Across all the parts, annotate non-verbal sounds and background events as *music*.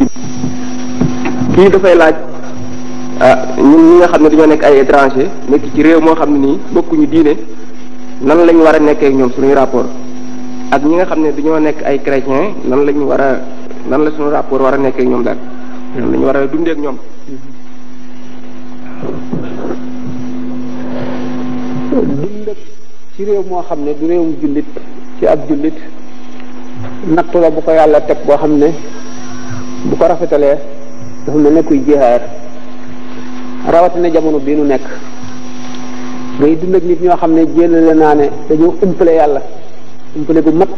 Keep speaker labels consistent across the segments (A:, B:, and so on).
A: tukki kii dafay laaj ah ñun ñi nga xam ne dañoo nekk ay étranger nekk ci réew moo xam ne nii bokkuñu diine nan lañ war a nekkee ñoom suñu rapport ak ñi nga xam ne dañoo nekk ay chrétien nan lañ war a nan la suñu rapport war a nekkee ñoom daal nan lañ war a dundee ñoom.
B: dund ci réew moo xam ne du réewum jullit ci ak jullit natt la bu ko yàlla teg boo xam ne. bu ko rafetalee dafa mel ne kuy jihaar rawatina jamono bii nu nekk ngay dund ak nit ñoo xam ne jëlale naa ne dañoo umpale yàlla umpale gu mat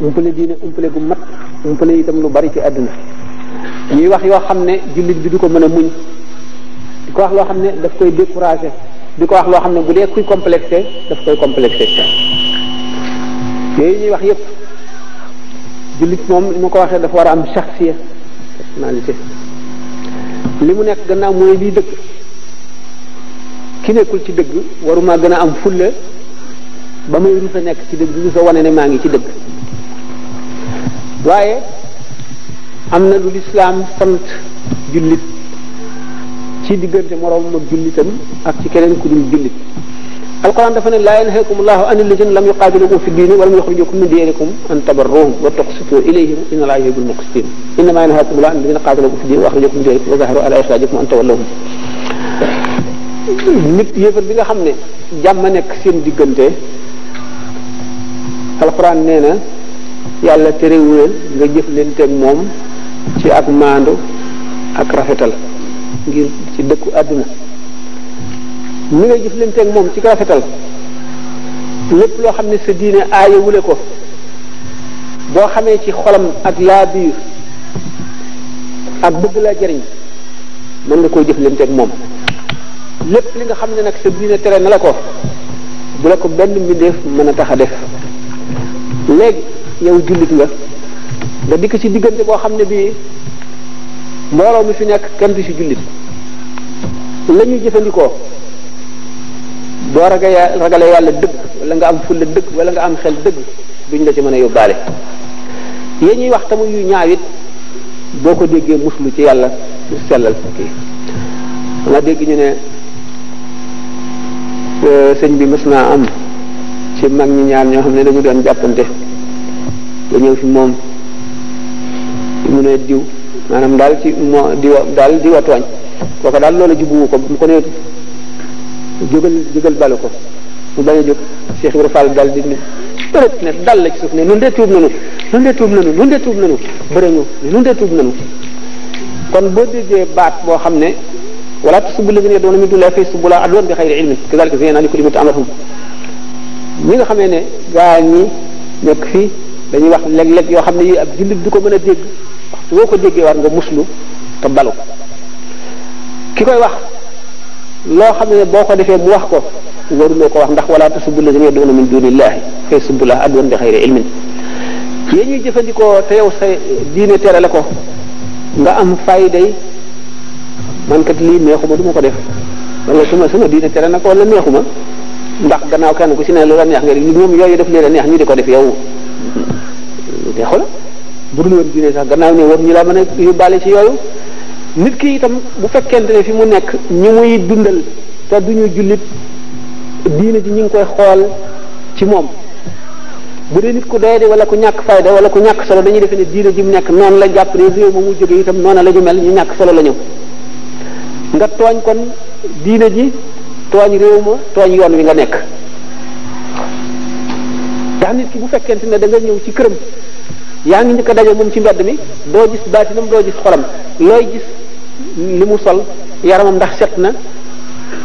B: umpale diine umpale gu mat umpale itam lu bari ci àdduna ñuy wax yoo xam ne jullit bi du ko mën a muñ du ko wax loo xam ne daf koy découragé di ko wax loo xam ne bu dee kuy complexé daf koy complexé yooyu ñuy wax yépp jullit moom li ma ko waxee dafa war a am saxsiya li mu nekk gannaaw mooy lii dëgg ki nekkul ci dëgg waruma gën a am fulla ba may rusa nekk ci dëgg rusa wane ne maa ngi ci dëgg waaye am na lu lislaam sant jullit ci diggante moroomam ak jullitam ak ci keneen ku dul jullit alquran dafa ne laa yanhaakum allahu an alladina lam yuqaatilukum fi diini walam yuxrijukum min diyarikum an tabarruhum wa tuqsitu ilayhim inna allaha yuhibbul muqsitin innama yanhaakum allahu an alladina qaatalukum fi diini wa axrajakum min diyarikum wa zaharu ala ixraajikum an tawallahum nit yéefar bi nga xam ne jàmm nekk seen diggante alquran nee na yàlla terewuleen nga jëf leen teg moom ci ak maandu ak rafetal ngir ci dëkku àdduna mi ngay jëflanteeg moom ci rafetal lépp loo xam ne sa diine aaye wule ko boo xamee ci xolam ak laa biir ak bëgg laa jariñ mën nga koy jëflanteeg moom lépp li nga xam ne nag sa diine tere na la ko bu la ko benn mbindeef mën a tax a def léegi yow jullit nga nga dikk ci diggante boo xam ne bii mbooloo mu fi nekk kenn du ci jullit la ñuy jëfandikoo boo raga ragalee yàlla dëgg wala nga am fulla dëgg wala nga am xel dëgg buñ la ci mën a yóbbaale yéen ñuy wax tamu yu ñaawit boo ko déggee muslu ci yàlla sellal kii nga dégg ñu ne euh, sëñ bi mës naa am ci mag ñi ñaar ñoo xam ne dañu doon jàppante ba ñëw fi moom mu ne diw maanaam daal ci moo diwa daal diwa tooñ kooka daal loola jubuwu ko mu ko ne jógal jógal balu ko mu bañ a jóg Cheikh Ibrahima Fall dal di ne bërët ne dal la ci suuf ne nun de tuub nanu nun de tuub nanu nun de tuub nanu bërëngu ne nun de tuub nanu kon boo déggee baat boo xam ne wala tasubbu lladiina yad'uuna min duuni llaahi fa yasubbu llaaha adwan bi xayri ilmin ko zayyana li kulli ummatin amalahum ñi nga xamee ne gaa ñi nekk fii dañuy wax léeg-léeg yoo xam ne yii ak jullit du ko mën a jégg waxtu boo ko déggee war nga muslu te balu ki koy wax loo xam ne boo ko defee bu wax ko waruloo ko wax ndax wala tasubbu lazina yad'una min dunillahi fa yasubbu llaha adwan bi xayri ilmin yéen ñuy jëfandikoo te yow sa diine terale ko nga am fayday man kat lii neexuma du ma ko def wala suma sama diine tere na ko wala neexuma ndax gannaaw kenn ku ci ne lu la neex nga di ñoom yooyu def li la neex ñu di ko def yow neexu la bu dul woon diine sax gannaaw ne war ñu mën a yóbbaale ci yooyu nit ki itam bu fekkente ne fi mu nekk ñi muy dundal te duñu jullit diine ji ñu ngi koy xool ci moom bu dee nit ku doyadi wala ku ñàkk fayda wala ku ñàkk solo dañuy defe ne diine ji mu nekk noonu la jàpp ne réew ma mu jóge itam noonu la ñu mel ñu solo la ñu nga tooñ kon diine ji tooñ réew ma tooñ yoon wi nga nekk ndax nit ki bu fekkente ne da ñëw ci këram yaa ngi njëkk a daje moom ci mbedd mi doo gis baatinam doo gis xolam looy gis li mu sol yaramam ndax set na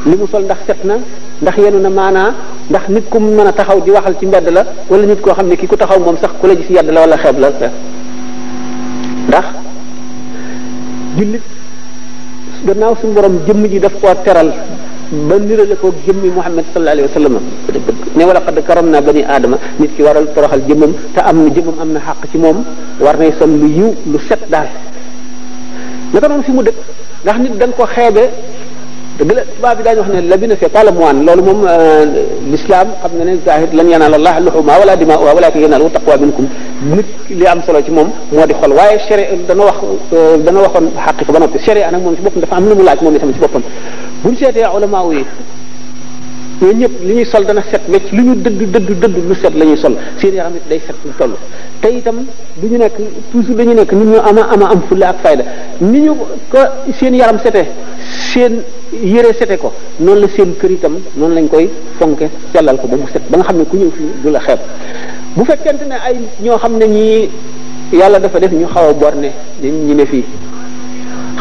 B: li mu sol ndax set na ndax yenu na maanaa ndax nit ku mën a taxaw di waxal ci mbedd la wala nit koo xam ne ki ku taxaw moom sax ku la gis yedd la wala xeeb la ndax jullit gannaaw suñu borom jëmm ji daf koo teral ba nirale ko jëmmi Muhammad sallallahu alayhi wa sallam ne wala qad karam naa bani aadama nit ki waral toroxal jëmmam te am na jëmmam am na xàq ci moom war nay sol lu yiw lu set daal naka noonu fi mu dëkk ndax nit da nga ko xeebe dëgg la tubaab bi daañu wax ne labina c'est pas le moine loolu moom euh, l'islam xam nga ne zahir lan yanaal allah luhuma wala dimaa'uha walakin yanaaluhu taqwa minkum nit li am solo ci moom moo di xol waaye chéré dana wax euh, dana waxoon xaqiqa ba noppi chéré nag moom ci boppam dafa am lu mu laaj moom itam ci boppam buñ seetee ulama yi ñoo ñëpp li ñuy sol dana set wecc lu ñu dëdd dëdd dëdd lu set la ñuy sol seen yaram it day set lu toll te itam du ñu nekk toujours dañu nekk nit ñu ama ama am fulla ak fayda ni ñu ko seen yaram sete seen yére sete ko noonu la seen kër itam noonu lañ koy fonke sellal ko ba mu set ba nga xam ne ku ñëw fii du la xeeb bu fekkente ne ay ñoo xam ne ñii yàlla dafa def ñu xaw a borne ñi ne fii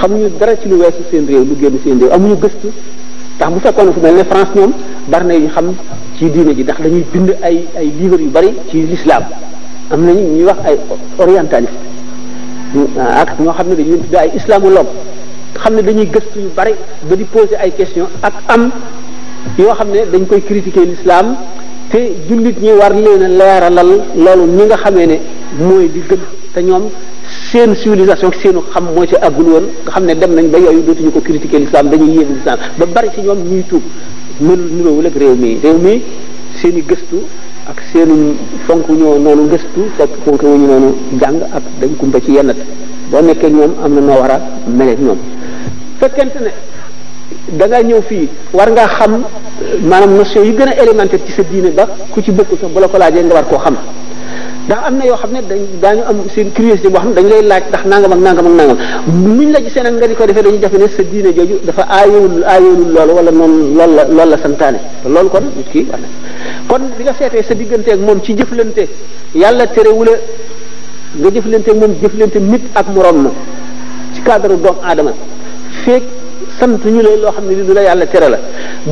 B: xamuñu dara ci lu weesu seen réew lu génn seen réew amuñu gëstu ndax bu fekkoon fu mel ni France ñoom bari na ñu xam ci diine ji ndax dañuy bind ay ay livres yu bari ci lislaam am nañu ñuy wax ay orientaliste ah, ak ñoo xam ne dañuy xam ne dañuy gëstu yu bari ba di poser ay questions ak am yoo xam ne dañ koy critiquer l'islam te jullit ñi war leen a leeralal loolu ñi nga xamee ne mooy di gën te ñoom seen civilisation seenu xam moo ci àggul woon nga xam ne dem nañ ba yooyu dootuñu ko critiquer l'islam dañuy yéen l'islam ba bari ci ñoom ñuy tuub mënul niroowul ak réew mii réew mi seen i gëstu ak seenu fonk ñoo noonu gëstu fekk fonk ñu noonu jàng ak dañ kumpa ci yennat boo nekkee ñoom am na noo war a meleeg ñoom fekkente ne da nga ñëw fii war ngaa xam maanaam notion yi gën a élémentaire ci sa diine ba ku ci bëgg sax bu la ko laajee nga war koo xam ndax am na yoo xam ne dañ daañu am seen curiosité boo xam ne dañ lay laaj ndax nangam ak nangam ak nangam muñ la gisee nag nga di ko defee dañu jafe ne sa diine jooju dafa aayowul aayowul loolu wala noonu loolu la loolu la santaane lool kon nit ki kon bi nga seetee sa digganteek ak moom ci jëflante yàlla terewula nga jëflante ak moom jëflante nit ak moroom ma ci cadre doomu aadama feek sant ñu la loo xam ne li du la yàlla tere la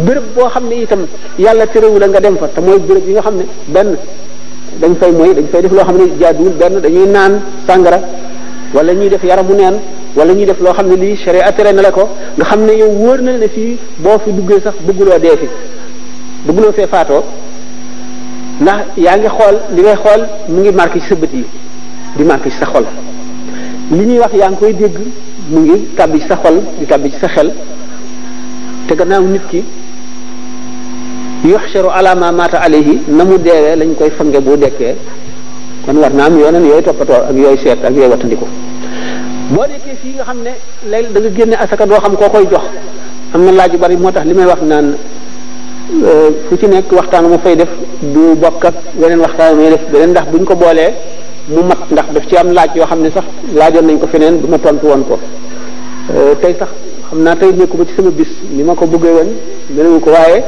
B: bërëb boo xam ne itam yàlla terewu la nga dem fa te mooy béréb yi nga xam ne benn dañ fay mooy dañ fay def loo xam ne jaaduwul benn dañuy naan sàngara wala ñuy def yaramu neen wala ñuy def loo xam ne lii sharia tere na la ko nga xam ne yow wóor na ne fii boo fi duggee sax bëgguloo dee fi bëgguloo fee faatoo ndax yaa ngi xool li ngay xool mu ngi marqué ci sa bët yi di marqué ci sa xol li ñuy wax yaa ngi koy dégg mu ngi tàbbi ci sa xol di tàbbi ci sa xel te gannaaw nit ki yuxsharu ala ma mata alayhi na mu deewee lañ koy fange bu dekkee kon war na am yooneen yooy toppatoo ak yooyu seet ak yooyu wattandiku boo nekkee fii nga xam ne léegi da nga génne asaka doo xam koo koy jox am na laaj yu bari moo tax li may wax naan euh, fu ci nekk waxtaan mu fay def bu bokk beneen waxtaan muy def beneen ndax buñ ko boolee mu mat ndax def ci am laaj yoo xam ne sax laajoon nañ ko feneen bu ma tontu woon ko euh, tey sax xam naa tey nekkuma ci sama bis ni ma ko bëggee woon menewu ko waaye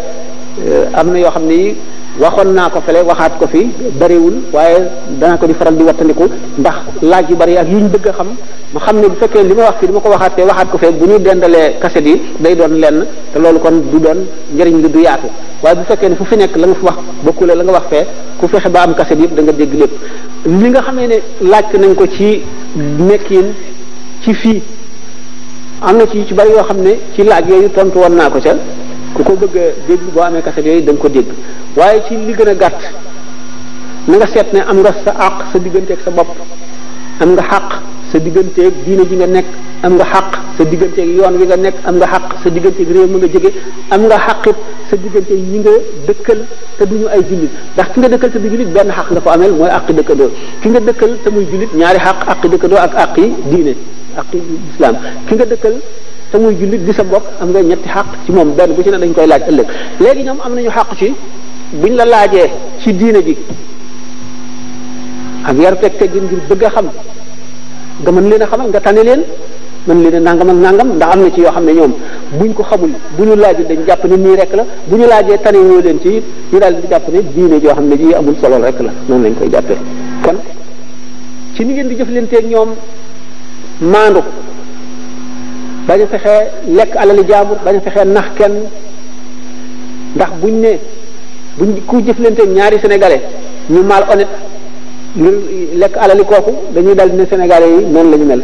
B: am na yoo xam ne waxoon naa ko fële waxaat ko fi bariwul waaye danaa ko di faral di wattandiku ndax laaj yu bari ak yu ñu bëgg a xam ma xam ne bu fekkee li ma wax fi di ma ko waxaat te waxaat ko fee bu ñu dendalee kaset yi day doon lenn te loolu kon du doon njëriñ li du yaatu waaye bu fekkee ne fu fi nekk la nga fi wax bokkule la nga wax fee ku fexe ba am kaset yëpp da nga dégg lépp li nga xamee ne laaj nañ ko ci nekkin ci fii am na ci ci bari yoo xam ne ci laaj yooyu tontu woon naa ko ca ku ko bëgg a déglu boo amee kaset yooyu da nga ko dégg waaye ci li gën a gàtt na nga seet ne am nga sa àq sa digganteek sa bopp am nga xàq sa digganteeg diine ji nga nekk am nga xaq sa digganteeg yoon wi nga nekk am nga xàq sa digganteeg réew mi nga jege am nga xàqit sa digganteeg ñi nga dëkkal te duñu ay jullit ndax ki nga dëkkal te du jullit benn xaq nga ko ameel mooy àqi dëkkandoo ki nga dëkkal te muy jullit ñaari xàq àqi dëkkandoo ak àqi diine àqi islam ki nga dëkkal te muy jullit di sa bopp am nga ñetti xaq ci moom benn bu ci ne dañ koy laaj ëllëg léegi ñoom am nañu xaq ci buñ la laajee ci diine ji am yar teg teggin ngir bëgg a xam nga mën leen a xamal nga tane leen mën leen a nangam ak nangam ndax am na ci yoo xam ne ñoom buñ ko xamul bu ñu laajee dañ jàpp ne nii rek la bu ñu laajee tane ñoo leen ci it ñu daal jàpp ne diine joo xam ne ji amul solo rek la noonu lañ koy jàppee kon ci ni ngeen di jëflanteeg ñoom maandu bañ fexe fexee lekk alali jaamur bañ a fexee nax kenn ndax buñ ne buñ ku jëflante ñaari sénégalais ñu maal honnête ngir lekk alali kooku dañuy dal dina sénégalais yi noonu lañu mel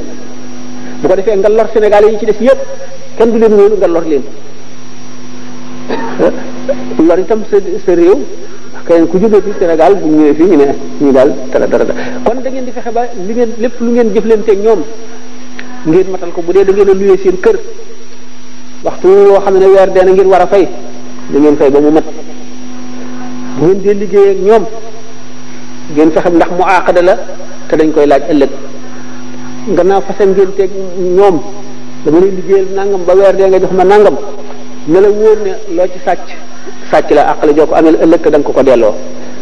B: bu ko defee nga lor sénégalais yi ci def yépp kenn du leen wóolu nga lor leen *coughs* lor itam sa sa réew keneen ku jógee fii Sénégal bu ñëwee fii ñu ne ñu daal dara dara kon da ngeen di fexe ba li ngeen lépp lu ngeen jëflante ñoom ngeen matal ko bu dee da ngeen seen kër waxtu woo xam ne weer dee na ngeen war a fay da ngeen fay ba mu mat bu ngeen dee liggéey ñoom ngeen fexe ndax mu aaqada la te dañ koy laaj ëllëg gannaaw fase ngeen teeg ñoom dama lay nangam ba weer dee nga ma nangam ne la loo ci sàcc sàcc la àq la joo ko amel ëllëg te da ko ko delloo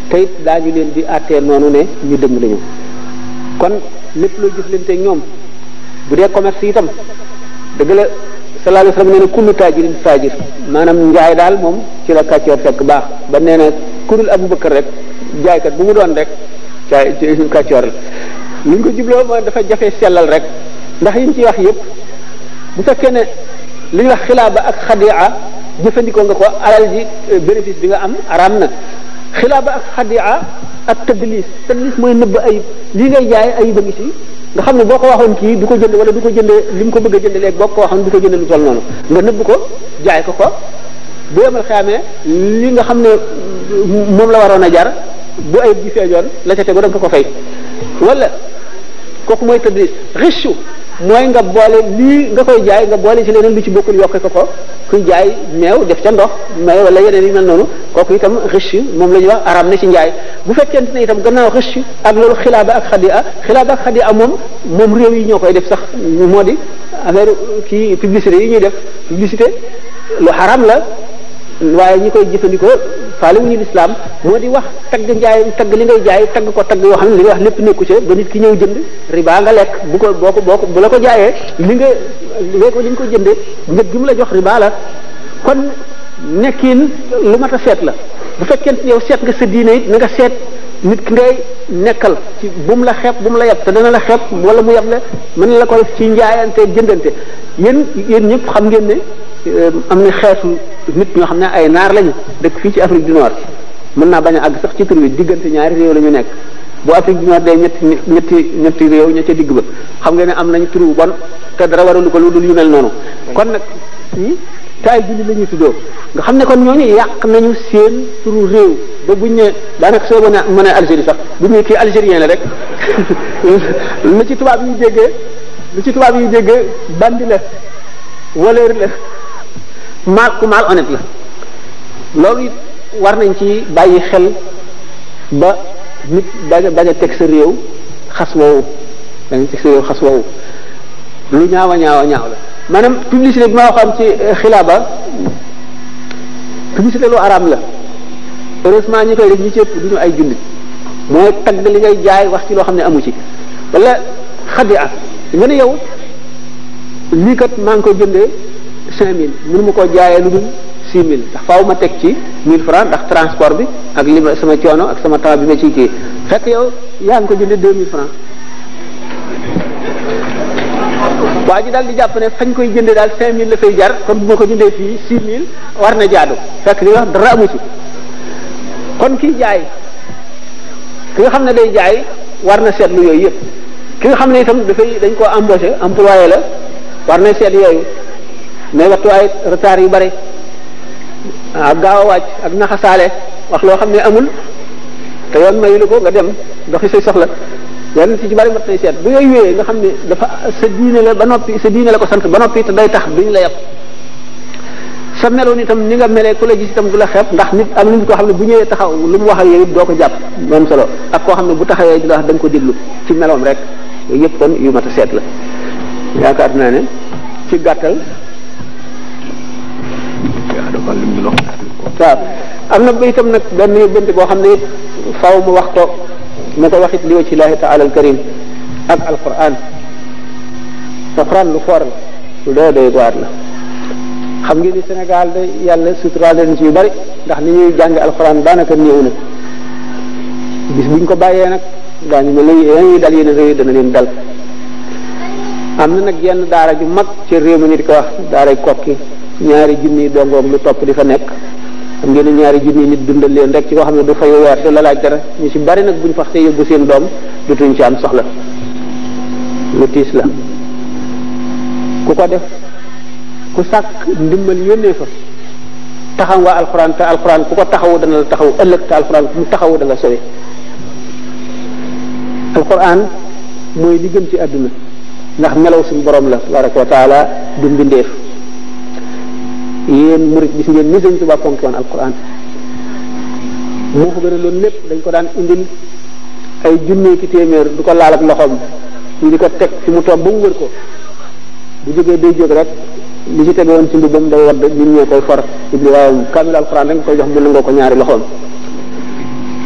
B: te it daañu leen di àttee noonu ne ñu dëng lañu kon lépp loo jëflante ñoom bu dee commerce yi itam dëgg la sallallahu alayhi wasallam nee na kullu taajirin taajir maanaam njaay daal moom ci la kàccoor fekk baax ba nee na kudul Abubakar rek jaaykat bu mu doon rek ca ci kàccoor la li ñu ko jubloo mooy dafa jafe sellal rek ndax yi ñu ciy wax yëpp bu fekkee ne li wax xilaaba ak xadia jëfandikoo nga ko alal ji euh, bénéfice bi nga am araam na xilaaba ak xadia ak tadlis tadlis mooy nëbb ayib lii ngay jaay ayib a ngi ci nga xam ne boo ko waxoon kii du ko jënd wala du ko jëndee li mu ko bëgg a jënd léegi boo ko waxoon du ko jënd lu toll noonu nga nëbb ko jaay ko ko bu yemal xaamee li nga xam ne moom la waroon a jar bu ayib gi feeñoon la ca tegu da nga ko fay walla kooku mooy tadris riche mooy nga boole lii nga koy jaay nga boole ci leneen lu ci bokkul yokke ko ko kuy jaay meew def ca ndox meew wala yeneen yi mel noonu kooku itam riche moom la ñuy wax aram na ci njaay bu fekkente ne itam gannaaw riche ak loolu xilaaba ak xadia xilaaba ak xadia moom moom réew yi ñoo koy def sax moo di affaire kii publicité yi ñuy def publicité lu xaram la waaye ñi koy jëfandikoo faale wuñu lislaam moo di wax tagg njaay tagg li ngay jaay tagg ko tagg yoo xam ne nga wax lépp nekku ci ba nit ki ñëw jënd riba nga lekk bu ko boo ko boo ko bu la ko jaayee li nga li nga ko li nga ko jënde njëg gi la jox riba la kon nekkin lu mat a seet la bu fekkente yow seet nga sa diine it na nga seet nit ki ngay nekkal ci bu mu la xepp bu mu la yeb te dana la xepp wala mu yeb la mën la ko def ci njaayante jëndante yéen yéen ñëpp xam ngeen Euh, am na xeetu nit ñoo xam ne ay naar lañu dëkk fii ci Afrique du Nord mën naa bañ a àgg sax ci tur bi diggante ñaari réew la ñu nekk bu Afrique du Nord day ñetti ñetti ñetti réew ña ca digg ba xam nga ne am nañ tur bu bon te dara ko lu yu mel noonu. kon nag taay julli la ñuy nga xam ne kon ñooñu yàq nañu seen turu réew ba buñ ne daanaka soo mën a mën a Algérie sax buñ ne kii algérien la rek *laughs* lu ci tubaab yi déggee lu ci tubaab yi déggee bandi la voleur la. maal ku maal honnête la loolu war nañ ci bàyyi xel ba nit bañ a teg sa réew xas woowu daga teg sa lu ñaawa ñaawa ñaaw la maanaam publicité bi ma waxoon ci euh, xilaaba publicité lu araam la heureusement ñi koy def ci ëpp duñu ay jullit mooy tagg li ngay jaay wax ci loo xam ne amu ci wala xadi at nga yow lii maa ngi koy jëndee cinq mille mënu ma koo jaayee lu dul six mille ndax faaw ma teg ci mille francs ndax transport bi ak li ma sama coono ak sama temps bi ma ciy kii fekk yow yaa ngi ko jëndee deux mille francs waa ji daal di jàpp ne fañ koy jëndee daal cinq mille la fay jar kon bu ma ko jëndee fii six mille war na jaadu fekk li wax dara amu ci kon kii jaay ki nga xam ne day jaay war na seetlu yooyu yëpp ki nga xam ne itam dafay dañ koo embauché employé la war na seet yooyu mais waxtu ay retard yu bari ak gaaw a wàcc ak naxasaale wax loo xam ne amul te yoon mayu la ko nga dem doxi say soxla yenn ci ci bari mat nay seet bu yooyu wéyee nga xam ne dafa sa diine la ba noppi sa diine la ko sant ba noppi te day tax duñ la yàpp sa meloon itam ni nga melee ku la gis itam du la xeeb ndax nit am na nit ko xam ne bu ñëwee taxaw lu mu wax ak yow it doo ko jàpp moom solo ak koo xam ne bu taxawee di la wax ko diglu ci meloom rek yooyu yëpp kon yu mat a seet la yaakaar naa ne ci gàttal am na baytam nag benn yóbbante boo xam ne faaw mu wax ko mu ko waxit li wajhillahi taala al ak alquran alquran lu foor la lu doy doy la xam ngeen ni senegaal de yàlla suturaal leen ci yu bari ndax ni ñuy jàng alquran daanaka néew na buñ ko bàyyee nag daañu mel ne yi dal yeneen réew dana leen dal am na nag yenn daara ju mag ci réew mi ñu di ko wax daaray kokki ñaari junniy dongoom lu topp di fa nekk xam ngeen ne ñaari junniy nit dundal leen rek ci koo xam ne du fayu weer te la laaj dara ñu ci bari nag bu ñu faxtee yóbbu seen doom dutuñ ci am soxla lu tiis la ku ko def ku sàkk ndimbal yónnee fa taxaw nga alxuraan te alxuraan ku ko taxawu dana la taxaw ëllëg te alxuraan ku mu taxawu dana mooy li gën ci àdduna ndax melaw suñu borom la tabaraka wa taala du mbindeef yéen murid gis ngeen ni sëñ Tuubaa fonki woon alquran moo ko gën a loolu lépp dañ ko daan indil ay junne ki téeméer du ko laal ak loxoom ñu di ko teg ci mu toog ba mu wër ko bu jógee day jóg rek li ci tege woon ci mbubbam day da nit ñee koy for ibli waaw kaamil alquran rek nga koy jox mu nangoo ko ñaari loxoom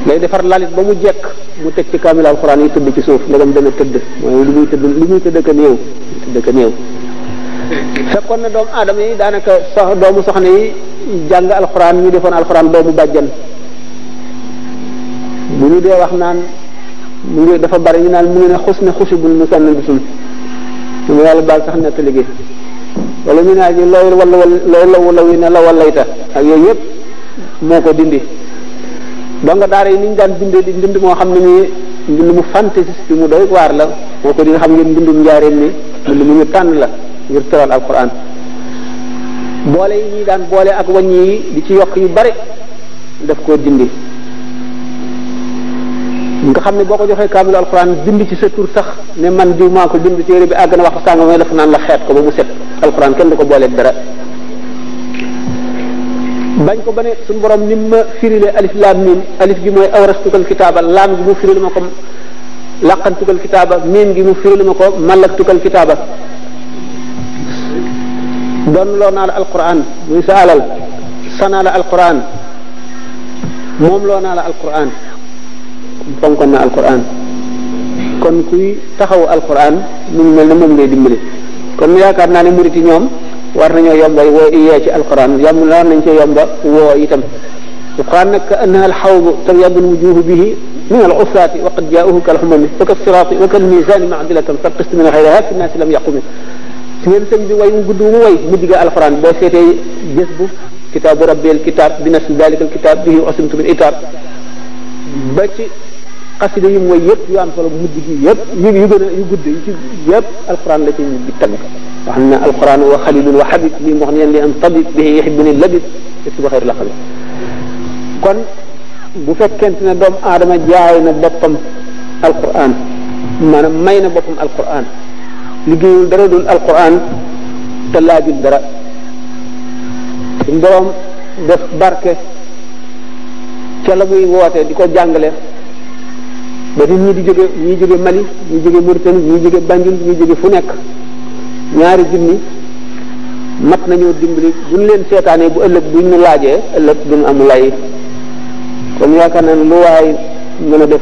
B: day defar lalit ba mu jekk mu teg ci kaamil alquran yi tëdd ci suuf ndegam dana tëdd mooy lu muy tëdd li muy tëdd ko néew tëdd fekkoon na doomu aadama yi daanaka sox doomu soxna yi jàng alxuraan ñu defoon alxuraan doomu bàjjan bu ñu dee wax naan mu ngi dafa bari ñu naan mu ngi ne xus ne xusi bul mu sànn bisul ñu mu yàlla baal sax nett liggéey wala ñu naan ñu looy wala looy lawu law yi ne la wallayta ak yooyu yëpp moo ko dindi donc daara yi ni daan bindee di mbind moo xam ne nii mbind mu fantaisiste mu doy waar la moo ko di xam ngeen mbindum njaareen ni mbind mu ñu tànn la ngir tëral alquran boole yi ñuy daan boole ak wàññi yi di ci yokk yu bari daf koo dindi nga xam ne boo ko joxee kaamilu alquran bind ci sa tur sax ne man diw maa ko bind téere bi àgg na wax sàng mooy dafa naan la xeet ko ba mu set alquran kenn du ko booleeg dara bañ ko ba ne suñu borom ni ma firile alif laam miim alif gi mooy awrastukal kitaaba laam gi mu firile ma ko laqantukal kitaaba miim gi mu firile ma ko mallaktukal kitaaba doon loo naa la alquran muy sa alal sanaa la alquran moom loo naa la alquran fonkoon na alquran kon kuy taxawu alquran mu ngi mel ne moom ngay dimbali kon yaakaar naa ne muriti ñoom war nañoo yomba woo yee ci alquran yomb war nañ cee yomba woo itam alquran nag ka annaha alxawdu tabyadul wujuhu bihi min al usrati wa qad jaauhu kal xumami wa kal sirati wa kal misani maadilatan fal qist min xayriha fi nnaasi lam yaqumi ci ngeen sëñ bi way mu gudd mu way mu digg alxuraan boo seetee gis bu kitaabu rabbil kitaab bi nas dalikal kitaab bihi usimtu bil itaab ba ci xasida yi mooy yëpp yu am solo mujj gi yëpp yu yu gën a yu gudd yi ci yëpp alquran la ci di tagg
C: wax na alquran wa
B: xalilun wa habib lii mu wax ne li am tabib bi yuhibbuni labib suba xayru la xabib kon bu fekkente ne doomu aadama jaay na boppam alquran maanaam may na boppam alquran liggéeyul dara dul alquran te laajul dara suñ borom def barke ca la muy woote di ko jàngale ba nit ñi di jóge ñi jóge Mali ñu jóge Mauritanie ñi jóge Banjul ñi jóge fu nekk ñaari junni mat nañoo dimbali buñ leen seetaanee bu ëllëg buñ ñu laajee ëllëg duñ am lay kon yaakaar naa ne lu waay mën a def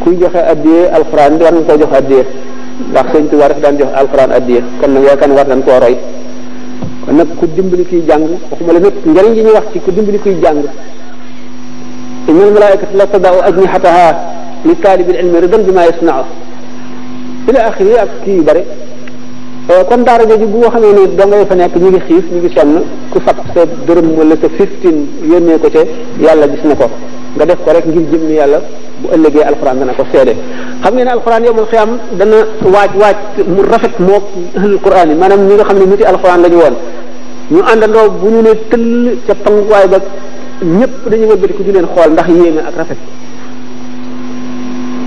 B: kuy joxe addiyee alxuraan war nga koy jox addiyee ndax sëñ Tuubaa dafa daan jox alxuraan addiya kon nag yaakaar war nañ koo roy kon nag ku dimbali kuy jàng waxuma la nag njëriñ li ñuy wax ci ku dimbali kuy jàng innal malaa'ikata la tada'u ajnihataha li taalibil ilmi ridan bi ma yasna'u ila axiri eh, bu xamee ne dangay fa nekk ñu ngi xiif ñu ngi sonn ku fat sa dërëm wala sa fifteen yónnee ko ca yàlla gis na ko nga def ko rek ngir jëm yàlla bu ëllëgee alxuraan ne ko seede xam ngeen ne alxuraan yowmal xiyaam dana waaj waaj mu rafet mook ahlul quraan yi maanaam ñi nga xam ne nit yi alxuraan la ñu woon ñu àndandoo bu ñu ne tëll ca panguwaay ba ñëpp dañu wëlbati ku di leen xool ndax yéeme ak rafet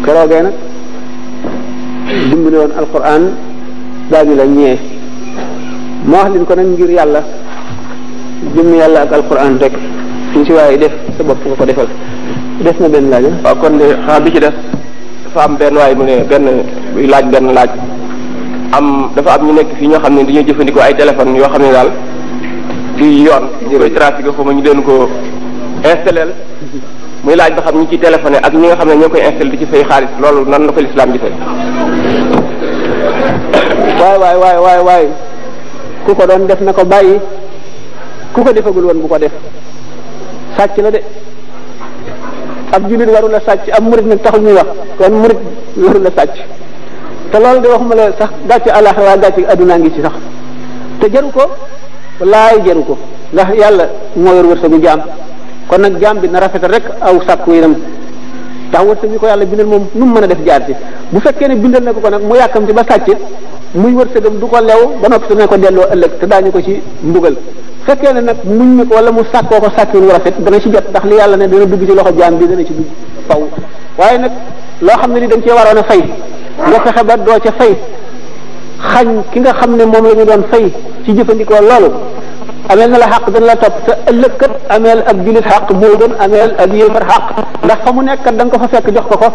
B: keroogee nag dimbale woon alxuraan daañu la ñee ma wax leen ko nag ngir yàlla jëmm yàlla ak alxuraan rek suñ si waaye def sa bopp nga ko defal des na benn laaj ah. waaw kon de
A: xaa bi ci des dafa am benn waaye mu ne benn buy laaj benn laaj am dafa am ñu nekk fii ñoo xam ne dañoo jëfandikoo ay téléphone yoo xam ne daal di yoon ñu koy trafiqué xaw ñu leen ko installé muy laaj ba xam ñi ci téléphoné ak ñi nga xam ne ñoo koy installé di ci fay xaalis loolu nan la ko lislaam di fay
B: waay waaye waay waay ku ko doon def na ko bàyyi ku ko defagul woon bu ko def sàcc la de ab jullit waru la sàcc ab murit nag taxul ñuy wax kon murit waru la sàcc te loolu de waxuma la sax gàcce àllaaxira waaye gàcce addunaa ngi ci sax te jaru ko wallaay jaru ko ndax yàlla moo yor wërsëgu jaam kon nag jaam bi na rafetal rek aw sàkku yi nam ndax wërsëg bi ko yàlla bindal moom nu mu mën a def jaar ci bu fekkee ne bindal na ko ko nag mu yàkkamti ba sàcc muy wërsëgam du ko lew ba noppi ne ko delloo ëllëg te daa ñu ko ci mbugal fekkee ne nag muñ na ko wala mu sàkkoo ko sàkkin wu rafet dana ci jot ndax li yàlla ne dana dugg ci loxo jaam bi dana ci dugg faw waaye nag loo xam ne li dañ cee waroon a fay nga fexe ba doo ca fay xañ ki nga xam ne moom la ñu doon fay ci jëfandikoo loolu ameel na la xaq dana la topp te ëllëg kat ameel ab jullit xaq moo gën ameel ab yéefar xaq ndax mu nekk kat da ko fa fekk jox ko ko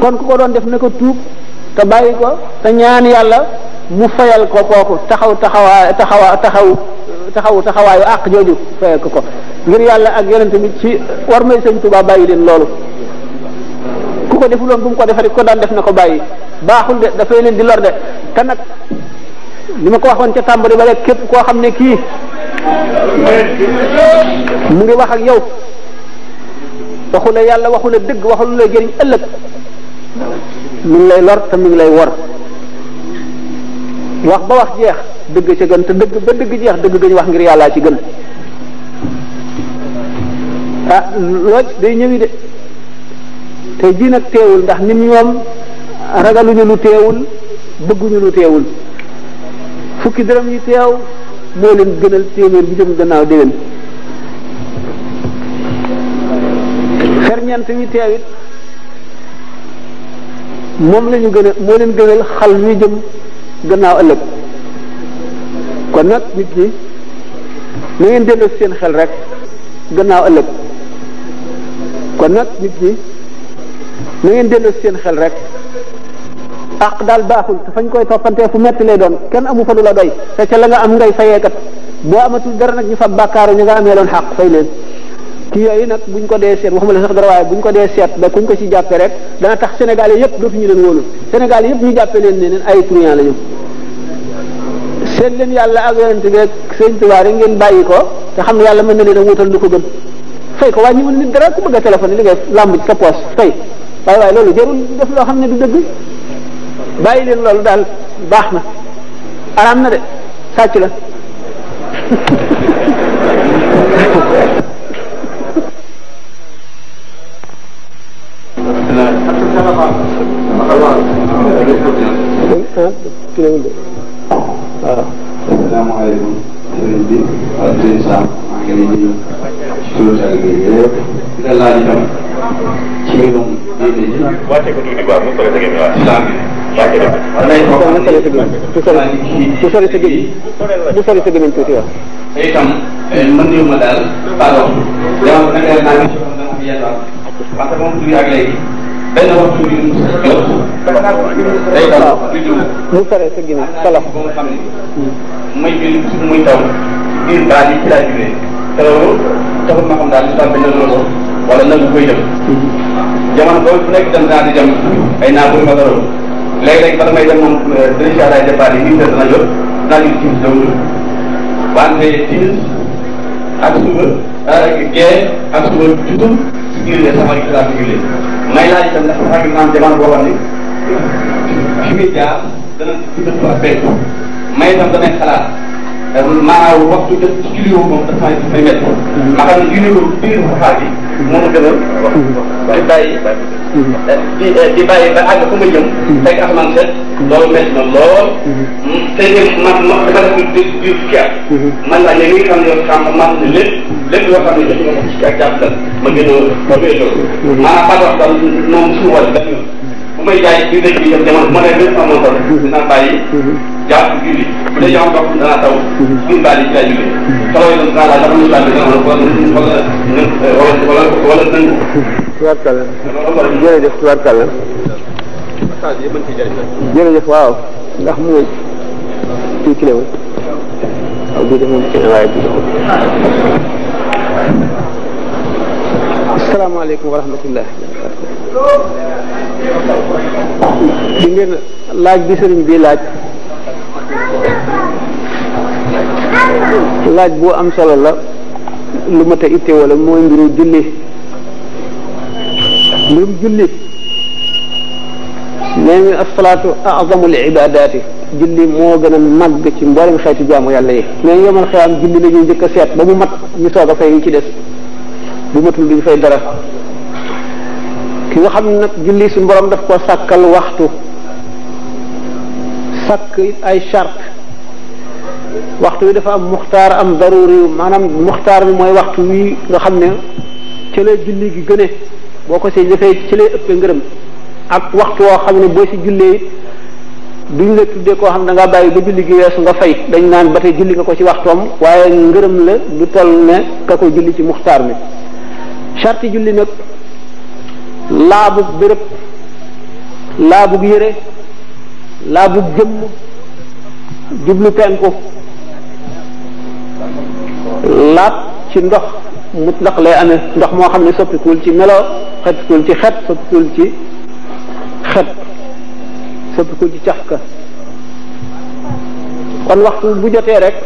B: kon ku ko doon def na ko tuub te bàyyi ko te ñaan yàlla mu fayal ko kooku taxaw taxawaa taxawa taxaw taxaw taxawaayu àq jooju fayal ko ko ngir yàlla ak yonent bi ci war may sëñ Tuubaa bàyyi leen loolu ku ko defuloon bu mu ko defari ko daan def na ko bàyyi baaxul de dafay leen di lor de te nag li ma ko waxoon ca tàmbali ba rek képp koo xam ne kii mu ngi wax ak yow waxu yàlla waxu la dëgg waxu la jëriñ ëllëg mu lay lor te mi ngi lay wor wax ba wax jeex dëgg ci gën te dëgg ba dëgg jeex dëgg gañ wax ngir yàllaa ci gën ah looj day ñëwi de te ji nag teewul ndax nit ñoom ragaluñu lu teewul bëgguñu lu teewul fukki dërëm yi teew moo leen gënal téeméer bi jëm gannaaw déwén ferñeent wi teew it moom la ñu gën moo leen gënal xal wi jëm gannaaw ëllëg kon nag nit ñi na ngeen delloo seen xel rek gannaaw ëllëg kon nag nit ñi na ngeen delloo si seen xel rek àq daal baaxul te fañ koy toppantee fu metti lay doon kenn amu fa lu la doy te ca la nga am ngay fayeekat boo amatul dara nag ñu fa bàkkaaru ñu nga amee loon xaq fay leen ci yooyu nag buñ ko dee seet waxuma la sax dara waaye buñ ko dee seet ba kuñ ko ci jàppe rek dana tax Sénégal yëpp dootuñu leen wóolu Sénégal yëpp ñu jàppe leen ne leen ay truand la ñu seet leen yàlla ak yonent bi ak sëñ Tuubaa ngeen bàyyi ko te xam ne yàlla mën na leen a wutal lu ko gën fay ko waaye ñu nit dara ku bëgg a téléphone li ngay làmb ci fay waaye loolu jarul def loo xam ne du dëgg leen loolu daal baax na araam na de sàcc la
C: *laughs* waaw. asalaamaaleykum sëriñ bi ak sëriñ Sam maa ngi lay nuyu tur ak yëpp ci mbirum diine ji. wàcce ko tuuti quoi bu soobee sa géej waaw. islam bi wàcce ko. waaw day foog
B: bu soobee tuuti waaw.
C: te itam mën nañu ma daal pardon yow nag da nga naan ci moom da nga fi yàlla parce day doon suuf bi day doon
B: bu paree sa ginnaaw
C: salaam ba nga xam ne may jëli suuf te loolu taxul ma xam daal li tax bañ na ko wala nangu koy def. jamono boobu fu nekk dem naa di dem ay naa bu ma dara léeg-léeg bala may dem moom dinañ saa daay départ yi huit heures dana jot dinaa ñu ci dem wante timis ak suba ak gee ak suba tutum jullee sama islam jullee may laaj itam ndax dafa am jamono boo xam ne fi muy jaar dana dëkk ak béy may itam damay xalaat maanaam waxtu dëkk ci julli moom dafa ma xam ne julli boobu julli a. di di bàyyi ba àgg fu ma jëm. fekk asamaan set. loolu métti na lool. tey jii man ma dama def biir biir fukki at. man laa ne li nga xam ne xam man lépp lépp loo xam ne jot na ko fukki at jàpp la ma gën a ma gën a jóg. maanaam par rapport ak moom suñu wàll benn yoon. bu may jaay ci dëkk bi yëpp jamono bu ma nee lépp amoon tool. dinaa bàyyi. jàpp julli. bu dee jamono bopp danaa taw. suñu baal yi ci lay julli. solo yi dafa laaj dafa ñu laaj bi nga xam ne wala wala wala wala tubaarkàlla
B: jërëjëf tubaarkàlla jërëjëf waaw ndax mu ngi kii kilé wu waaw bii de moom kilé waaye bii asalaamaaleykum wa rahmatullah di ngeen laaj bi sëriñ bi laaj laaj bu am solo la lu mat a itte wala mooy mbiru julli mbirum julli nee ñu asalaatu azamul ibadaati julli moo gën a màgg ci mboolem xeeti jaamu yàlla yi nee ñu yomal xiyaam julli la ñuy njëkk seet ba mu mat ñu soog a fay ñu ci des bu matul duñu fay dara ki nga xam ne nag julli suñu borom daf koo sàkkal waxtu sàkk ay charte waxtu wi dafa am muxtaar am daruri maanaam muxtaar bi mooy waxtu wi nga xam ne ca la julli gi gëne boo ko si defee ci lay ëppee ngërëm ak waxtu woo xam ne boo ci jullee duñ la tuddee koo xam da nga bàyyi ba julli gi weesu nga fay dañ naan ba tey julli nga ko ci waxtoom waaye ngërëm la du toll ne ka ko julli ci muxtaar mi sarti julli nag laabu bërëb laabu yére laabu jëmm jublu penku laab ci ndox mutlaq lay amee ndox moo xam ne soppikuwul ci melo soppikuwul ci xet soppikuwul ci xet soppikuwul ci cafka kon waxtu bu jotee rek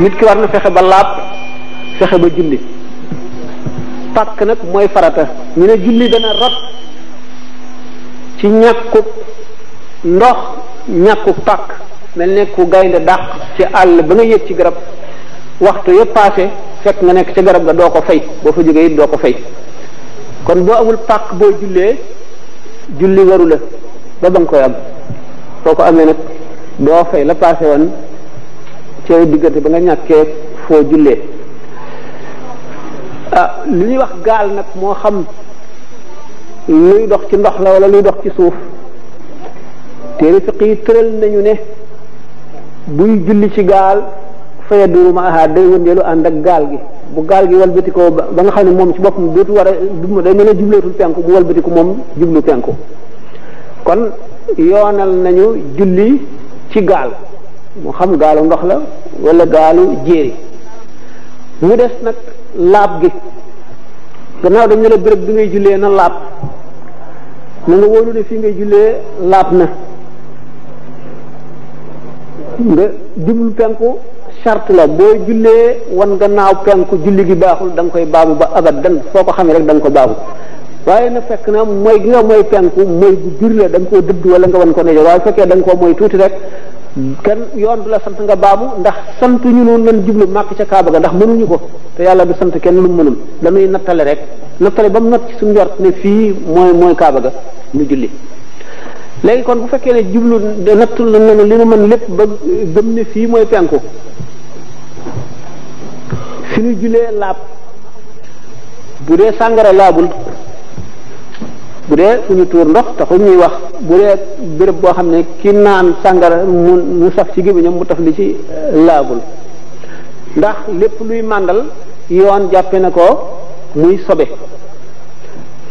B: nit ki war na fexe ba laab fexe ba julli pàkk nag mooy farata ñu ne julli dana rot ci ñàkkub ndox ñàkkub pàkk mel ne ku gaynde dàq ci àll ba nga yëg ci garab waxtu yëpp passé fekk nga nekk ca garab ga doo ko fay boo fa jógee it doo ko fay kon boo amul pàq boo jullee julli waru la ba ba koy am soo ko amee nag doo fay la paase woon ca diggante ba nga ñàkkee foo jullee ah li ñuy wax gaal nag moo xam luy dox ci ndox la wala luy dox ci suuf téere fiq yi tëral nañu ne buy julli ci gaal faya duru ma aha day wëndeelu ànd ak gaal gi bu gaal gi walbati ko ba nga xam ne moom ci boppam dootu war a day ma ne jubleetul penku bu walbati ko moom jublu penku kon yoonal nañu julli ci gaal mu xam gaalu ndox la walla gaalu jéeri mu des nag laab gi gannaaw dañ ne la béréb bi ngay jullee na laab na ngay jullee laab na nga jublu penku charte la boo jullee wan gannaaw penku julli gi baaxul da nga koy baabu ba dan foo ko xamee rek da ko baabu waaye na fekk na mooy gi nga mooy penku mooy bu jur la da nga koo dëdd wala nga wan ko nejo waaye fekkee da nga koo mooy tuuti rek kenn yoon du la sant nga baamu ndax sant ñu noonu lan jublu màkk ca kaaba ga ndax mënuñu ko te yàlla du sant kenn lu mu mënul dañuy nattale rek nattale ba mu nat ci suñu njort ne fii mooy mooy kaaba ga ñu julli léegi kon bu fekkee ne jublu nattu la nanu li nu mën lépp ba gëm ne fii mooy penku fi nu julee laab bu dee sàngara laabul bu dee fu ñu tuur ndox taxul ñuy wax bu dee béréb boo xam ne ki naan sàngara mu mu saf ci gémmiñam mu taf li ci euh, laabul ndax lépp luy màndal yoon jàppe na ko muy sobe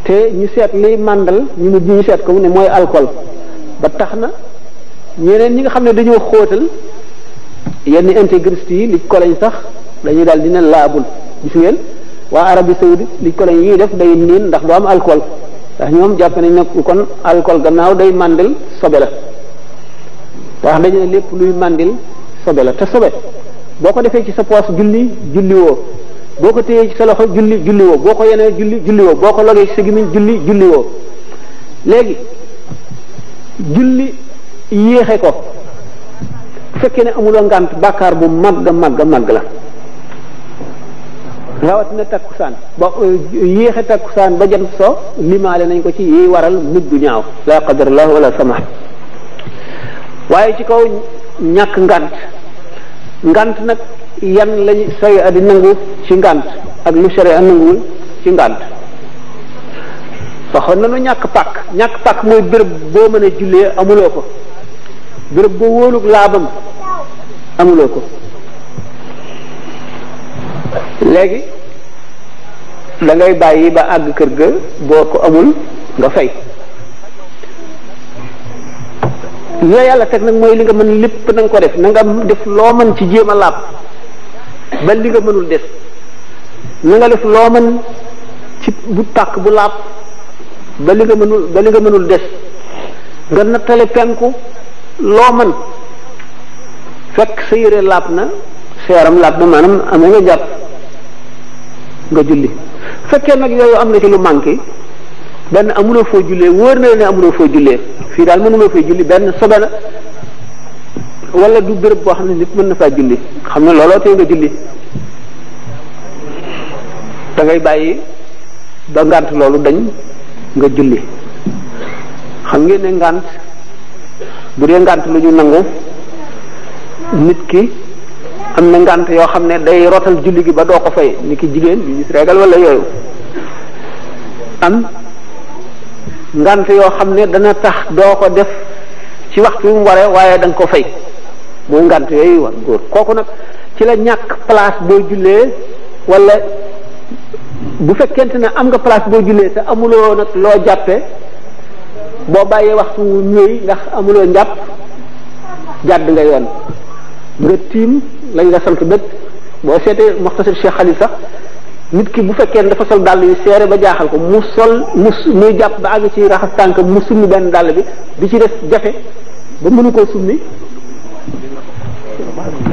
B: te ñu seet liy màndal ñu mujj ñu seet ko mu ne mooy alcool ba tax na ñeneen ñi nga xam ne dañoo xóotal yenn intégriste yi li koloñ sax dañuy daal dina laabul gis ngeen waa Arabie saoudite li koloñ yi def day niin ndax boo am alcool ndax ñoom jàpp nañ ne kon alcool gannaaw day màndil sobe la wax dañu ne lépp luy màndil sobe la te sobe boo ko defee ci sa poos julli julli woo boo ko téyee ci sa loxo julli julli woo boo ko yenee julli julli woo boo ko logee ci sa gémmiñ julli julli woo léegi julli yéexe ko bu fekkee ne amuloo ngànt bàkkaar bu màgg màgg màgg la rawatina takkusaan ba eh, yéexe takkusaan ba jant so limaale nañ ko ci yiy waral mujj bu ñaaw la qadarallah wala sama waaye ci kaw ñàkk ngànt ngant nag yan lañu soy di nangu ci ngànt ak lu sharia nanguwul ci ngànt waxoon nañu ñàkk pàkk ñàkk pàkk mooy béréb boo mën a jullee amuloo ko béréb boo wóolug laabam amuloo ko léegi dangay bàyyi ba àgg kër ga boo ko amul nga fay li yàlla teg nag mooy li nga mën lépp na nga ko def nanga nga def loo mën ci jéem a laab ba li nga mënul def na nga def loo mën ci bu pàkk bu laab ba li nga mënul ba li nga mënul des nga nattale penku loo mën fekk sa yére laab na seeram laab na maanaam am nga jàpp nga julli fekkee nag yooyu am na ci lu manqué benn amuloo foo jullee wóor na ne amuloo foo jullee fii daal mënuloo foo julli benn sobe la wala du gërëb boo xam ne nit mën na faa julli xam ne looloo tee nga julli da bàyyi ba ngànt loolu dañ nga julli xam ngeen ne ngant bu dee ngant lu ñu nangu nit ki am na ngant yoo xam ne day rotal julli gi ba doo ko fay ni ki jigéen yu gis regal wala yooyu am ngant yoo xam ne dana tax doo ko def ci waxtu yu mu waree waaye da nga ko fay mooy ngant yooyu war góor kooku nag ci la ñàkk place boo jullee wala bu fekkente ne am nga place boo jullee te amuloo nag loo jàppe boo bàyyee waxtu wu ndax amuloo njàpp jàdd nga yoon nga tiim lañ nga sant bët boo seetee Muxtasar Cheikh Khalil sax nit ki bu fekkee ne dafa sol dàll yu seere ba jaaxal ko mu sol mu muy jàpp ba àgg ci raxas tànk mu summi benn dàll bi bi ci des jafe ba mënu koo summi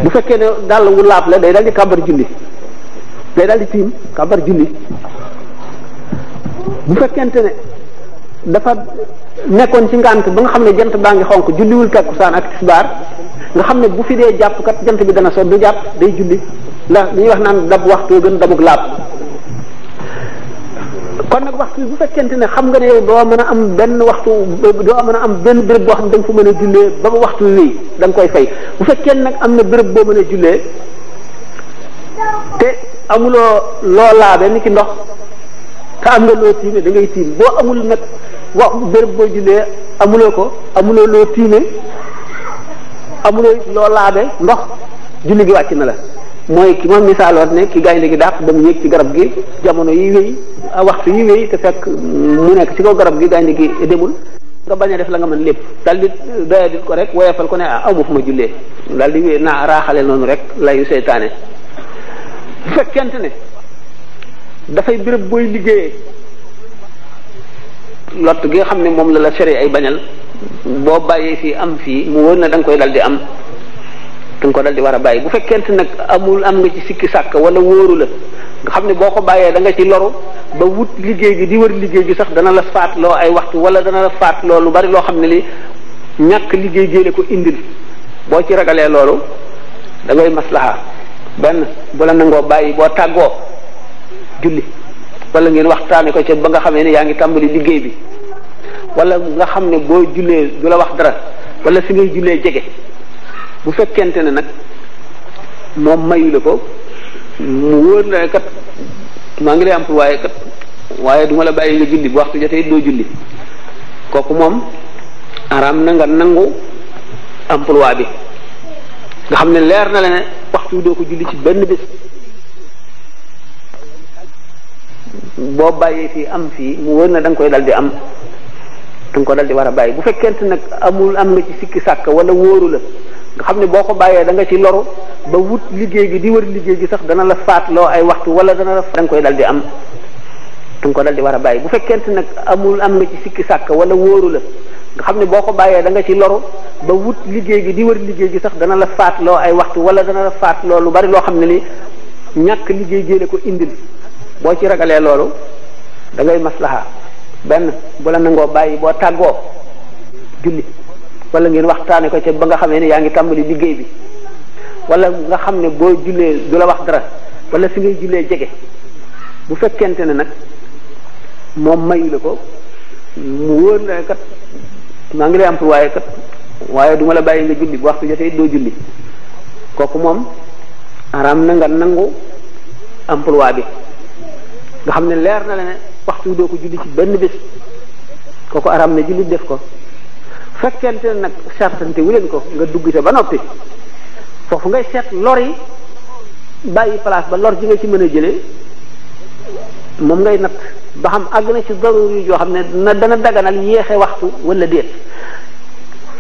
B: bu fekkee ne dàll wu laab la day dal di kàmbar julli day daal di tiim kabar julli bu fekkente ne dafa nekkoon ci ngànt ba nga xam ne jant baa ngi xonk julliwul takkusaan ak tisbaar nga xam ne bu fi dee jàpp kat jant bi dana so du jàpp day julli la li ñuy wax naan dab waxtu gën dabug laab kon nag waxtu bu fekkente ne xam nga ne doo mën a am benn waxtu doo mën a am benn bërëb boo xam ne da nga mën a jullee ba ba waxtu wi da koy fay bu fekkee nag am na bërëb boo mën a jullee te amuloo loo laabe ni ki ndox te am nga loo tiime da tiim boo amul nag wax béréb boo jullee amuloo ko amuloo loo tiime amuloo loo laabe ndox julli gi wàcc na la mooy ki ma misaaloon ne ki gaynde gi dàq ba yéeg ci garab gi jamono yi wéy waxtu yi wéy te fekk mu nekk ci ko garab gi gaynde gi demul nga bañ a def la nga mën lépp dal di doyadil ko rek woyefal ko ne ah amu fu ma jullee dal di wéy naa raaxale noonu rek layu seytaane bu fekkente ne dafay bërëb booy liggéeyee lott gi nga xam ne moom la la sere ay bañal boo bàyyee fii am fii mu wër na danga koy dal di am da ko dal di war a bàyyi bu fekkente nag amul am nga ci sikki sàkk wala wóoru la nga xam ne boo ko bàyyee da nga ci loru ba wut liggéey gi di wër liggéey gi sax dana la faat loo ay waxtu wala dana la faat loo lu bari loo xam ne li ñàkk liggéey géele ko indil boo ci ragalee loolu dangay ngay maslaha benn bu la nangoo bàyyi boo tàggoo julli wala ngeen waxtaane ko ca ba nga xamee ne yaa ngi tàmbali liggéey bi wala nga xam ne boo jullee du la wax dara wala fi ngay jullee jege bu fekkente ne nag moom mayu la ko mu wóor na kat maa ngi lay am kat waaye du ma la bàyyi nga julli bu waxtu jotee doo julli kooku moom araam na nga nangu emploi bi nga xam ne leer na la ne waxtu doo ko julli ci benn bés boo bàyyee fii am fii mu wër na da koy dal di am da nga ko dal di war a bàyyi bu fekkent nag amul am nga ci sikki sàkk wala wóoru la nga xam ne boo ko bàyyee da nga ci loru ba wut liggéey gi di wër liggéey gi sax dana la faatloo ay waxtu wala dana la da nga koy dal di am da nga ko dal di war a bàyyi bu fekkente nag amul am nga ci sikki sàkk wala wóoru la nga xam ne boo ko bàyyee da nga ci loru ba wut liggéey gi di wër liggéey gi sax dana la faatloo ay waxtu wala dana la faatloo lu bari loo xam ne li ñàkk liggéey géele ko indil boo ci ragalee loolu dangay ngay maslaha benn bu la nangoo bàyyi boo tàggoo julli wala ngeen waxtaane ko ca ba nga xamee ne yaa ngi tàmbali liggéey bi wala nga xam ne boo jullee du la wax dara wala fi ngay jullee jege bu fekkente ne nag moom mayu la ko mu wóor la kat maa ngi lay am tu waaye kat waaye duma la bàyyi nga julli bu waxtu jotee doo julli kooku moom araam na nga nangu emploi bi nga xam ne leer na la ne waxtu doo ko julli ci benn bés kooku araam na julli def ko fekkente nag sartante wu leen ko nga dugg sa ba noppi foofu ngay seet lor yi bàyyi place ba lor ji nga ci mën a jëlee moom ngay natt ba xam àgg na ci daruur yu xam ne na dana daganal yéexe waxtu wala déet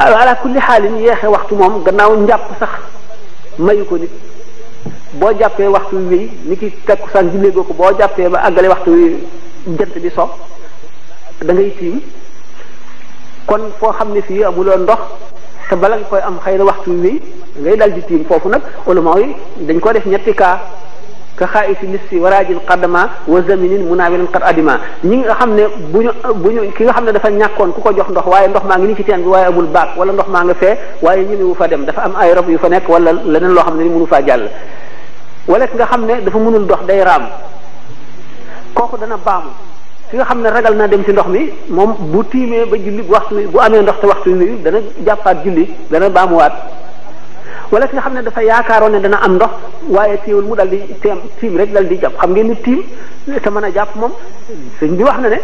B: ala kulli xaalin yéexe waxtu moom gannaaw njàpp sax mayu ko nit boo jàppee waxtu wi wéy ni ki takku saan jullee goo ko boo jàppee ba àggale waxtu wi jant bi so da ngay tiim kon foo xam ne fii amuloo ndox te bala nga koy am xëy na waxtu wi ngay dal di tiim foofu nag ulama yi dañ ko def ñetti cas ka xaayisi missi waraajin qaddama wa zaminin munawilin qad adima ñi nga xam ne bu ñu bu ki nga xam ne dafa ñàkkoon ku ko jox ndox waaye ndox maa ngi nii ci teen bi waaye amul baak wala ndox maa nga fee waaye ñeme wu fa dem dafa am ay rob yu fa nekk wala leneen loo xam ne ni mënu faa jàll walla ki nga xam ne dafa mënul dox day raam kooku dana baamu ki nga xam ne ragal naa dem ci ndox mi moom bu tiimee ba julli bu waxtu bu amee ndox te waxtu wi dana jàppaat julli dana baamuwaat wala ki nga xam ne dafa yaakaaroon ne dana am ndox waaye teewul mu dal di teem tiim rek dal di jàpp xam ngeen ni tiim te mën a jàpp moom sëñ bi wax na ne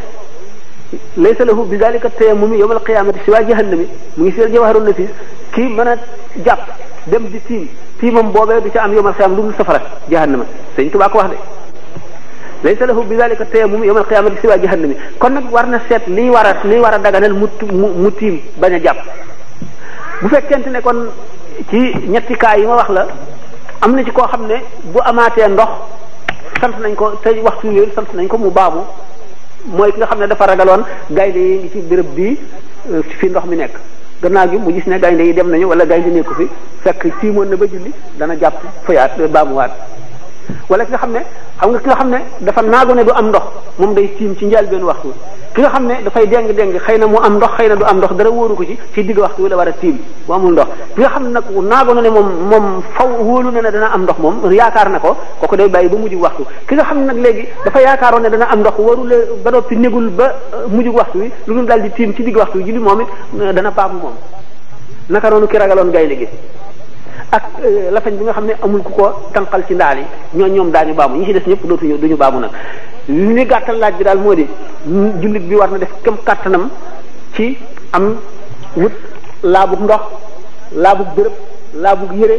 B: laysa lahu bi dalika tayammum yawm al qiyamati siwa jahannami mu ngi seel jawharun nafis kii mën a jàpp dem di tiim tiimam boobee du ca am yawm al qiyam lu dul safara jahannama sëñ Tuubaa ko wax de laysa lahu bi dalika tayammum yawm al qiyamati siwa jahannami kon nag war na seet liy war a liy war a daganal mu mu tiim bañ a jàpp bu fekkente ne kon ci ñettikaay yi ma wax la am na ci koo xam ne bu amaatee ndox sant nañ ko te waxtu yooyu sant nañ ko mu baabu mooy ki nga xam ne dafa ragaloon gaynde yi ngi ci béréb bii euh, fi ndox mi nekk gannaaw gi mu gis ne gaynde yi dem nañu wala gaynde nekku fi fekk tiimoon na ba julli dana jàpp fayaat baamuwaat wala ki nga xam ne xam nga ki nga xam ne dafa naago ne du am ndox moom day tiim ci njaal benn waxtu ki nga xam ne dafay déng-déng xëy na mu am ndox xëy na du am ndox dara wóoru ko ci ci digg waxtu la war a tiim bu ndox ki nga xam ne nag na ne moom moom faw wóolu ne ne dana am ndox moom yaakaar na ko kooku day bàyyi ba mujj waxtu ki nga xam ne léegi dafa yaakaaroon ne dana am ndox waru la noppi négul ba euh, mujj waxtu wi lu dul daal di tiim ci digg waxtu wi julli moom it euh, dana paamu moom naka noonu ki ragaloon gaynde gi ak euh, lafañ bi nga xam ne amul ku ko tànqal ci ndaal li ñoo ñoom daañu baamu ñu ci des ñëpp dootuñu duñu baamu nag li gàttal laaj bi daal moo di jullit bi war na def kem kàttanam ci am wut laabug ndox laabug bërëb laabug yëre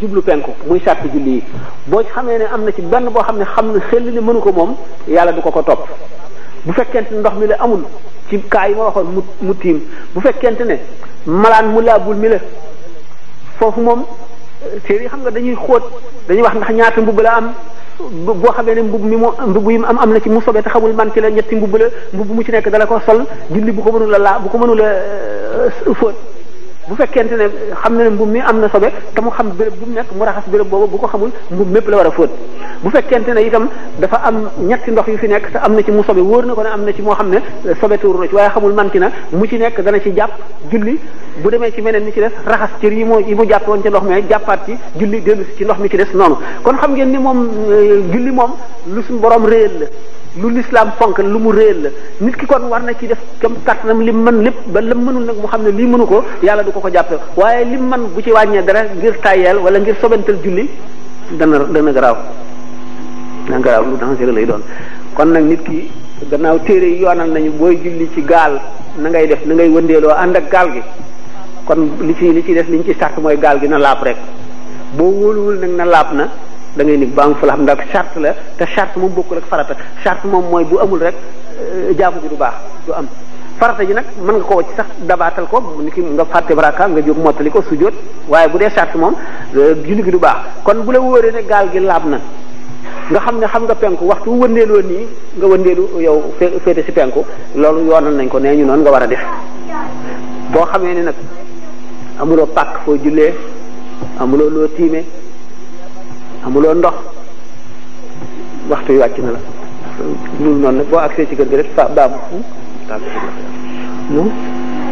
B: jublu penku muy sàtt julli yi boo xamee ne am na ci benn boo xam ne xam ne xel ni mënu ko moom yàlla du ko ko topp bu fekkente ndox mi la amul ci kaa yi ma waxoon mu mu tiim bu fekkente ne malaan mu laabul mi la foofu téere yi xam nga dañuy xóot dañuy wax ndax ñaata mbubb la am boo xamee ne mbubb mi mu mbubb yi mu am am na ci mu sobee te xamul man ci la ñetti mbubb la mbubb mu ci nekk dala ko sol julli bu ko mënula laa bu ko mënula euh, fóot bu fekkent ne xam na ne mbub mi am na sobe te mu xam béréb bu mu nekk mu raxas béréb boobu bu ko xamul mbub mépp la war a fóot bu fekkente ne itam dafa am ñetti ndox yu fi nekk te am na ci mu sobe wóor na ko ne am na ci moo xam ne euh, sobe tuur na waaye xamul manti na mu ci nekk dana ci jàpp julli bu demee ci meneen mi ci des raxas ci yi moo yi mu jàpp woon ci ndox mi jàppaat ci julli dellu ci ndox mi ci des noonu kon xam ngeen ni moom euh, julli moom lu suñu borom réel la lu lislaam fonk lu mu réel la nit ki kon war na ci def kem kàttanam lim mën lépp ba lim mënul nag moo xam ne lii mënu ko yàlla du ko ko jàppe waaye lim man bu ci wàññee dara ngir tayeel wala ngir sobental julli dana dana garaaw dana garaaw lu dangereux lay doon kon nag nit ki gannaaw téere yi yoonal nañu booy julli ci gaal na ngay def na ngay wëndeeloo ànd ak gaal gi kon li ci li ci def li ñu ci sàrt mooy gaal gi na laab rek boo wóoluwul nag na laab na da ngay ni la xam ndax charte la te charte moom bokkul ak farata charte moom mooy bu amul rek euh, jaamu ji du baax du am farata ji nag mën nga ko ci sax dabaatal ko ni ki nga fàtte baraka nga jóg mottali ko sujjóot waaye bu dee charte moom euh, julli gi du baax kon bu la wóoree ne gaal gi laab na nga xam ne xam nga penku waxtu wëndeelu woon nii nga wëndeelu yow féete si penku loolu yoonal nañ ko nee ñu noonu nga war a def boo xamee ne nag amuloo pàkk foo jullee amuloo loo tiime amuloo ndox waxtu yi wàcc na la loolu boo agsee ci kër gi rek
C: hmm?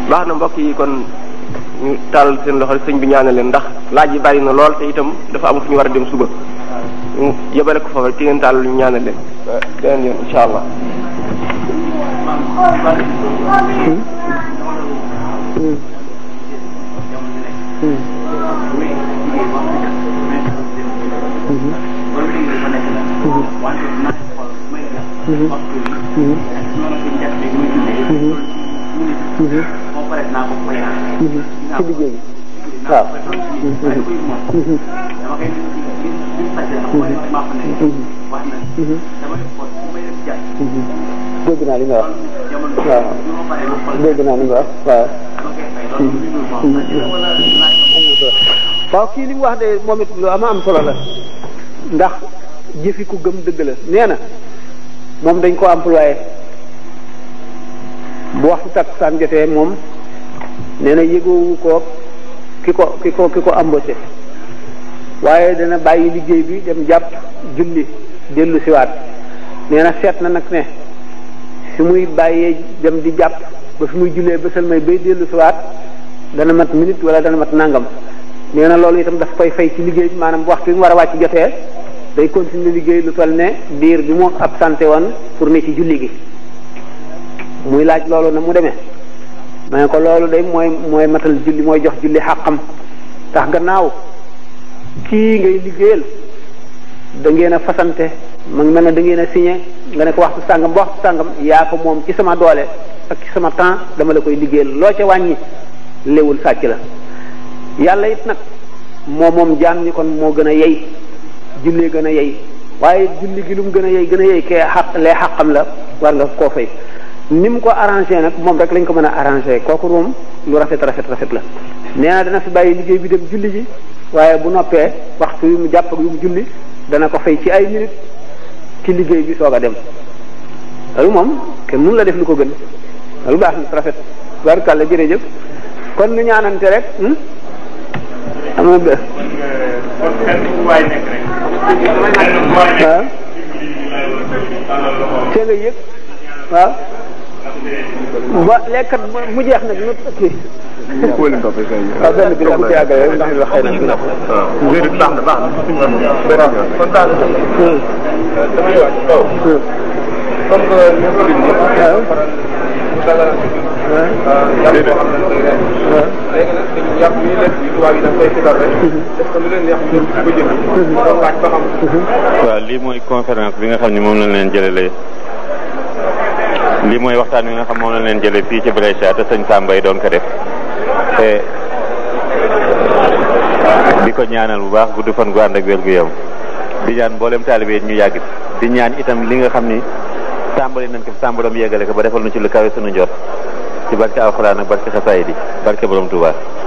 A: baax na mbokk yi kon ñu tàllal seen loxo sëñ bi ñaanal leen ndax laaj yi bari na lool te itam dafa am ñu war a dem suba ñu yebale ko fa rek ci ngeen tàllal ñu ñaanal leen beneen yoon insha allah
C: hmm? Hmm? waxtu si njëkk bi muy jullee. mu naa ko foyaan. ci bi wax. waaw
B: dégg naa li nga wax waaw. waaw kii li mu wax de moom it am am solo ndax jëfi ku gëm dëgg la nee moom dañ ko employé bu waxtu takkusaan jotee moom nee na yëgoowu ko ki ko ki ko ki ko embauché waaye dana bàyyi liggéey bi dem jàpp julli dellu siwaat nee na seet na nag ne fi muy bàyyee dem di jàpp ba fi muy jullee ba sëlmay bay dellu siwaat dana mat minute wala dana mat nangam nee na loolu itam daf koy fay ci liggéey bi maanaam waxtu bi mu war a wàcc jotee day continuer liggéey lu toll ne biir bi mu absenté woon pour ne ci julli gi muy laaj loolu na mu demee ma ne ko loolu day mooy mooy matal julli mooy jox julli xàqam tax gannaaw kii ngay liggéeyal da ngeen a fasante ma ngi mel ne dangeen a signé nga ne ko waxtu sàngam ba waxtu sàngam yaa ko moom ci sama doole ak ci sama temps dama la koy liggéeyal loo ca wàññi léewul sàcc la yàlla it nag moo moom jaam ñi kon moo gën a yey jullee gën a yey waaye julli gi lu mu gën a yey gën a yey kee xaq lee xaqam la war nga koo fay ni mu ko arrangé nag moom rek lañ ko mën a arrangé kooku room lu rafet rafet rafet la nee dana fi bàyyi liggéey bi dem julli ji waaye bu noppee waxtu yu mu jàpp ak yu mu julli dana ko fay ci ay minutes ci liggéey bi soog a dem loolu moom kenn mun la def lu ko gën lu baax na rafet barkàlla jërëjëf kon nu ñaanante rek hmm? waaw te nga yëg waaw ba lekkat mu jeex nag nu kii ku leen toppee kay. waaw benn bi la bu jaagalee rek ndax xëy na.
C: waaw wér baax na baax na. kon daal damay wax kaw. comme que déedéet. waaw lii mooy conférence bi nga xam ne moom lañ leen jëlee lii mooy waxtaan bi nga xam moom lañ leen jëlee fii ci Brescia te sëñ Samba yi doon ko def te di ko ñaanal bu baax gudd fan gu ànd ak wér gu yaram ñaan mboolem taalibe yi ñu yàgg di ñaan itam li nga xam ni tàmbali nañ ko fi tàmbalam yeggale ko ba defal na ci lu kawe sunu njort. ci barke alxuraan ak barke xasaayid yi barke borom Tuubaa